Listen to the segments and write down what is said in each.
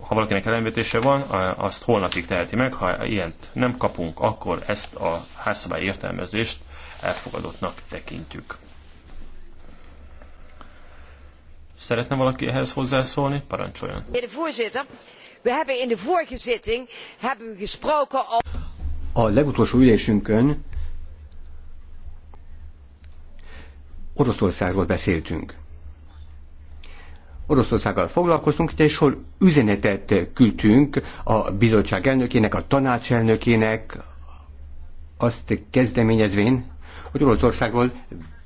ha valakinek ellenvetése van, azt holnapig teheti meg, ha ilyent nem kapunk, akkor ezt a házszabály értelmezést elfogadottnak tekintjük. Szeretne valaki ehhez hozzászólni? Parancsoljon. A legutolsó ülésünkön Oroszországról beszéltünk. Oroszországgal foglalkoztunk, és hol üzenetet küldtünk a bizottság elnökének, a tanács elnökének, azt kezdeményezvén, hogy Oroszországból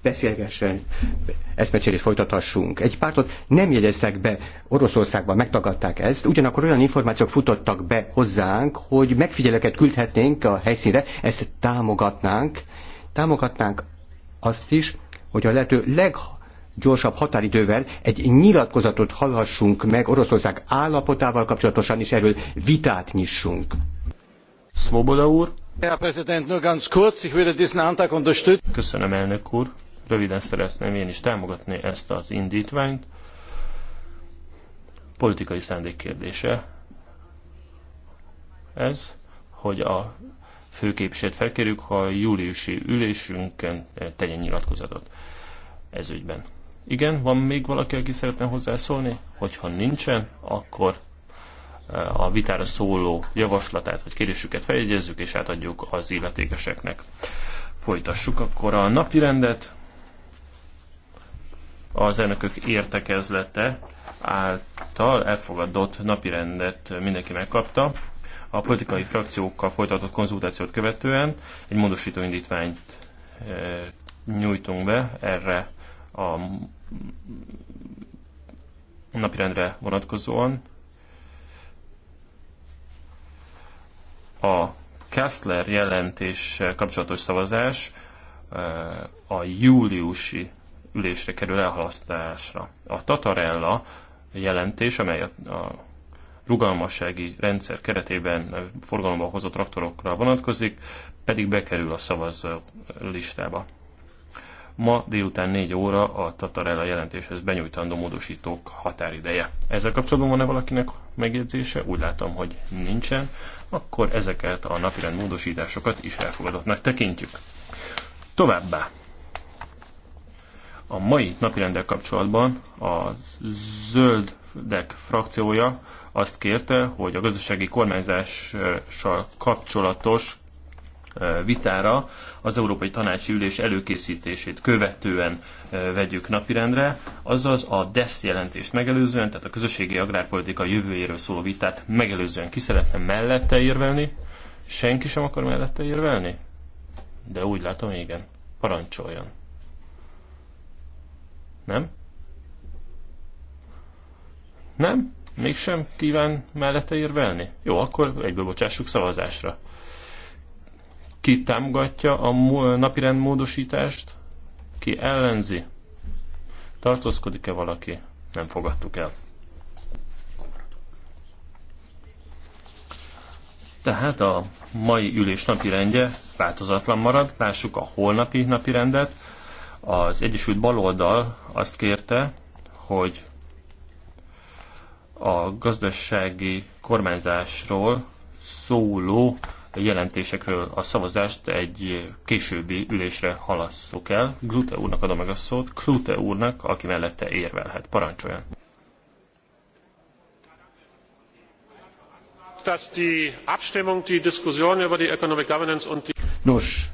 beszélgessen, eszmecserést folytathassunk. Egy pártot nem jegyeztek be Oroszországban, megtagadták ezt, ugyanakkor olyan információk futottak be hozzánk, hogy megfigyeleket küldhetnénk a helyszínre, ezt támogatnánk, támogatnánk azt is, hogy a lehető legha gyorsabb határidővel egy nyilatkozatot hallhassunk meg Oroszország állapotával kapcsolatosan, és erről vitát nyissunk. Svoboda úr. Köszönöm, elnök úr. Röviden szeretném én is támogatni ezt az indítványt. Politikai szándék kérdése ez, hogy a főképviselőt felkérjük, ha a júliusi ülésünkön tegyen nyilatkozatot ez ügyben. Igen, van még valaki, aki szeretne hozzászólni? Hogyha nincsen, akkor eh, a vitára szóló javaslatát vagy kérésüket feljegyezzük és átadjuk az illetékeseknek. Folytassuk akkor a napi rendet. Az elnökök értekezlete által elfogadott napirendet mindenki megkapta. A politikai frakciókkal folytatott konzultációt követően egy módosító indítványt eh, nyújtunk be erre a napirendre vonatkozóan a Kessler jelentés kapcsolatos szavazás eh, a júliusi ülésre kerül elhalasztásra. A Tatarella jelentés, amely a, a rugalmassági rendszer keretében eh, forgalomba hozott traktorokra vonatkozik, pedig bekerül a szavazó listába ma délután 4 óra a Tatarella jelentéshez benyújtandó módosítók határideje. Ezzel kapcsolatban van-e valakinek megjegyzése? Úgy látom, hogy nincsen. Akkor ezeket a napirend módosításokat is elfogadottnak tekintjük. Továbbá a mai napirendel kapcsolatban a zöldek frakciója azt kérte, hogy a gazdasági kormányzással kapcsolatos vitára az Európai Tanácsi Ülés előkészítését követően vegyük napirendre, azaz a DESZ jelentést megelőzően, tehát a közösségi agrárpolitika jövőjéről szóló vitát megelőzően ki szeretne mellette érvelni. Senki sem akar mellette érvelni? De úgy látom, igen. Parancsoljon. Nem? Nem? Mégsem kíván mellette érvelni? Jó, akkor egyből bocsássuk szavazásra. Ki támogatja a napirend módosítást? Ki ellenzi? Tartózkodik-e valaki? Nem fogadtuk el. Tehát a mai ülés napirendje változatlan marad. Lássuk a holnapi napirendet. Az Egyesült Baloldal azt kérte, hogy a gazdasági kormányzásról szóló jelentésekről a szavazást egy későbbi ülésre halasszuk el. Glute úrnak adom meg a szót, Klute úrnak, aki mellette érvelhet. Parancsoljon! Nos,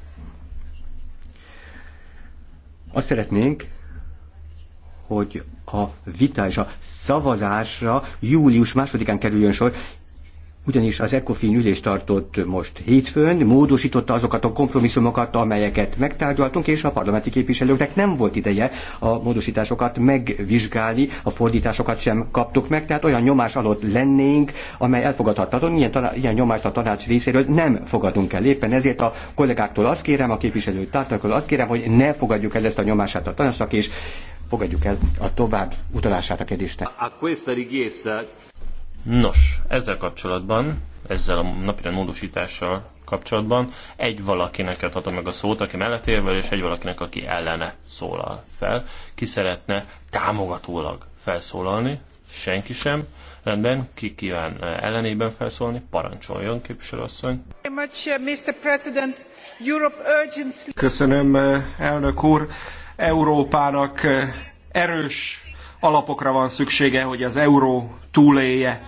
azt szeretnénk, hogy a vita és a szavazásra július másodikán kerüljön sor, ugyanis az ECOFIN ülést tartott most hétfőn, módosította azokat a kompromisszumokat, amelyeket megtárgyaltunk, és a parlamenti képviselőknek nem volt ideje a módosításokat megvizsgálni, a fordításokat sem kaptuk meg, tehát olyan nyomás alatt lennénk, amely elfogadhatatlan, ilyen, taná- ilyen nyomást a tanács részéről nem fogadunk el. Éppen ezért a kollégáktól azt kérem, a képviselő tártaktól azt kérem, hogy ne fogadjuk el ezt a nyomását a tanácsnak, és fogadjuk el a tovább utalását a kérdésnek. Nos, ezzel kapcsolatban, ezzel a napirend módosítással kapcsolatban egy valakinek adhatom meg a szót, aki mellett érvel, és egy valakinek, aki ellene szólal fel. Ki szeretne támogatólag felszólalni? Senki sem. Rendben, ki kíván ellenében felszólni? Parancsoljon, képviselőasszony. Uh, Köszönöm, uh, elnök úr. Európának uh, erős alapokra van szüksége, hogy az euró túlélje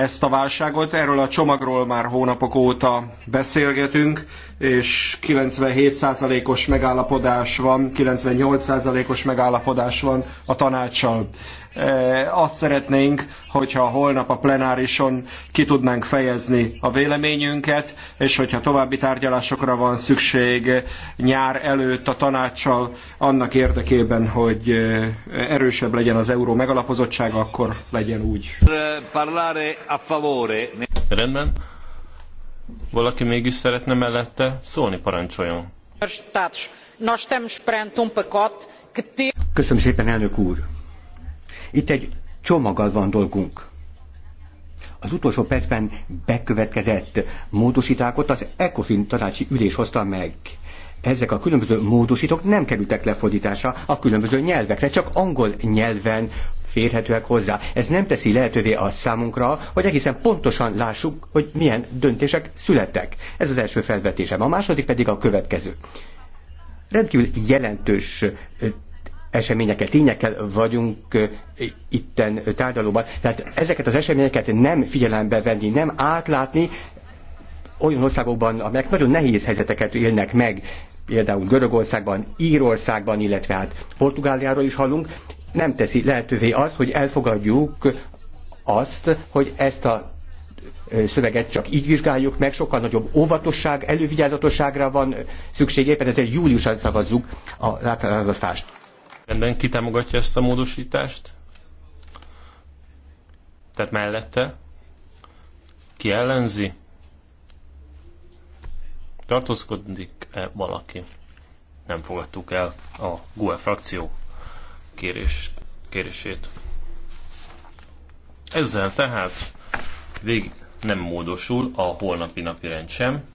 ezt a válságot. Erről a csomagról már hónapok óta beszélgetünk, és 97%-os megállapodás van, 98%-os megállapodás van a tanácssal. E, azt szeretnénk, hogyha holnap a plenárison ki tudnánk fejezni a véleményünket, és hogyha további tárgyalásokra van szükség nyár előtt a tanácssal, annak érdekében, hogy e, erősebb legyen az euró megalapozottsága, akkor legyen úgy. Parlare a Rendben. Valaki mégis szeretne mellette szólni, parancsoljon. Köszönöm szépen, elnök úr. Itt egy csomaggal van dolgunk. Az utolsó percben bekövetkezett módosítákot az ECOFIN tanácsi ülés hozta meg ezek a különböző módosítók nem kerültek lefordításra a különböző nyelvekre, csak angol nyelven férhetőek hozzá. Ez nem teszi lehetővé a számunkra, hogy egészen pontosan lássuk, hogy milyen döntések születtek. Ez az első felvetésem. A második pedig a következő. Rendkívül jelentős eseményekkel, tényekkel vagyunk itten tárgyalóban. Tehát ezeket az eseményeket nem figyelembe venni, nem átlátni, olyan országokban, amelyek nagyon nehéz helyzeteket élnek meg, például Görögországban, Írországban, illetve hát Portugáliáról is hallunk, nem teszi lehetővé azt, hogy elfogadjuk azt, hogy ezt a szöveget csak így vizsgáljuk meg, sokkal nagyobb óvatosság, elővigyázatosságra van szükség, éppen ezért júliusra szavazzuk a rátálasztást. Rendben, ki támogatja ezt a módosítást? Tehát mellette? Ki ellenzi? Tartózkodik-e valaki? Nem fogadtuk el a GUE frakció kérés, kérését. Ezzel tehát végig nem módosul a holnapi napi rend sem.